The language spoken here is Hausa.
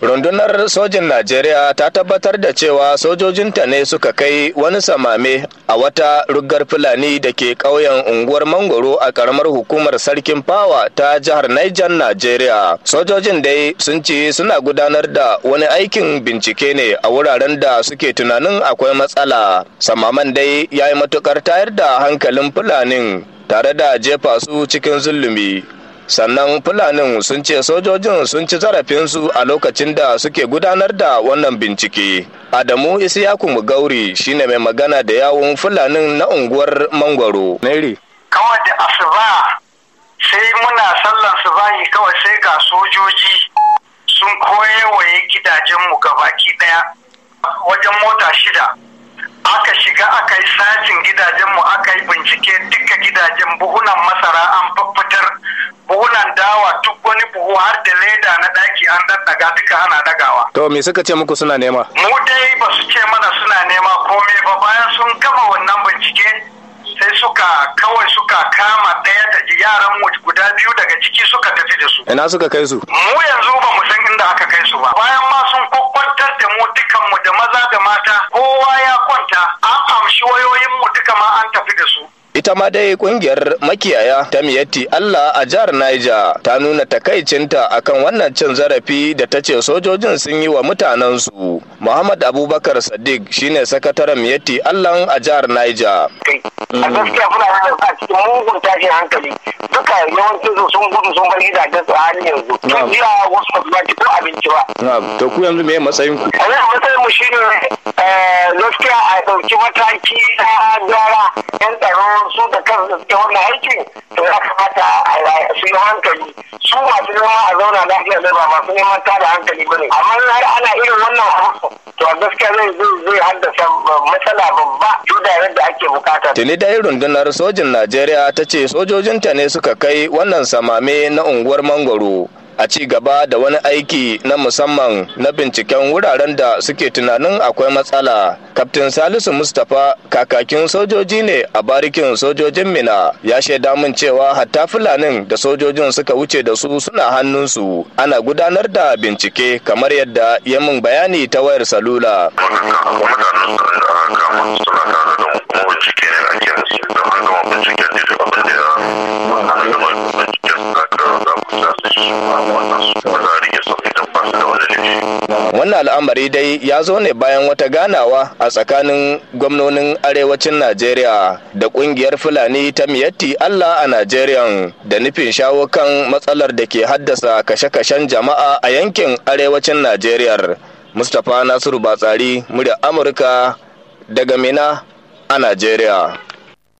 rundunar sojin najeriya ta tabbatar da cewa sojojinta ne suka kai wani samame a wata rugar fulani da ke ƙauyen unguwar mangoro a ƙaramar hukumar sarkin fawa ta jihar niger najeriya sojojin dai sun ce suna gudanar da wani aikin bincike ne a wuraren da suke tunanin akwai matsala samaman dai ya yi matukar tayar da hankalin fulanin tare da jefa su cikin zulumi sannan fulanin sun ce sojojin sun ci zarafin su a lokacin da suke gudanar da wannan bincike adamu isiyaku gauri shine mai magana da yawun fulanin na unguwar mangwaro kawai da asuba sai muna sallar subahi kawai sai ga sojoji sun koyewaye gidajenmu gabaki daya wajen mota shida aka shiga aka yi gidajen gidajenmu aka yi an daddaga duka ana dagawa. To me suka ce muku suna nema? Mu dai ba su ce mana suna nema komai ba bayan sun gama wannan bincike sai suka kawai suka kama ɗaya da yaran mu guda biyu daga ciki suka tafi da su. Ina suka kai su? Mu yanzu ba mu san inda aka kai su ba. Bayan ma sun kwakwantar da mu dukan mu da maza da mata kowa ya kwanta an amshi wayoyin mu ita ma dai kungiyar makiyaya ta miyatti Allah a jihar Niger ta nuna takaicinta akan wannan cin zarafi da ta ce sojojin sun yi wa mutanensu. Muhammad Abubakar Sadiq shine sakataren miyatti Allah a jihar Niger. A gaskiya muna nan a cikin mugun tashin hankali duka yawancin su sun gudu sun bar gidajen su a halin yanzu. Tun jiya wasu ba su ba ko abinci ba. To ku yanzu me matsayin ku? a matsayin mu shine eh, gaskiya a ɗauki mataki na jami'an tsaro su da kan suke wannan aikin to ya kamata a su yi hankali su masu neman a zauna lafiya ne ba masu neman da hankali ba ne amma har ana irin wannan abu to gaskiya zai zai haddasa matsala babba da yadda ake bukata. Tuni da rundunar sojin Najeriya ta ce sojojinta ne suka kai wannan samame na unguwar Mangwaro. a ci gaba da wani aiki na musamman na binciken wuraren da suke tunanin akwai matsala kaftin salisu mustapha kakakin sojoji ne a barikin sojojin mina ya shaida min cewa hatta fulanin da sojojin suka wuce da su suna hannunsu ana gudanar da bincike kamar yadda ya min bayani ta wayar salula wannan al'amari dai ya zo ne bayan wata ganawa a tsakanin gwamnonin arewacin najeriya da kungiyar fulani ta miyatti allah a najeriya da nufin shawo kan matsalar da ke haddasa kashe-kashen jama'a a yankin arewacin najeriya mustapha nasiru batsari murya amurka daga mina a najeriya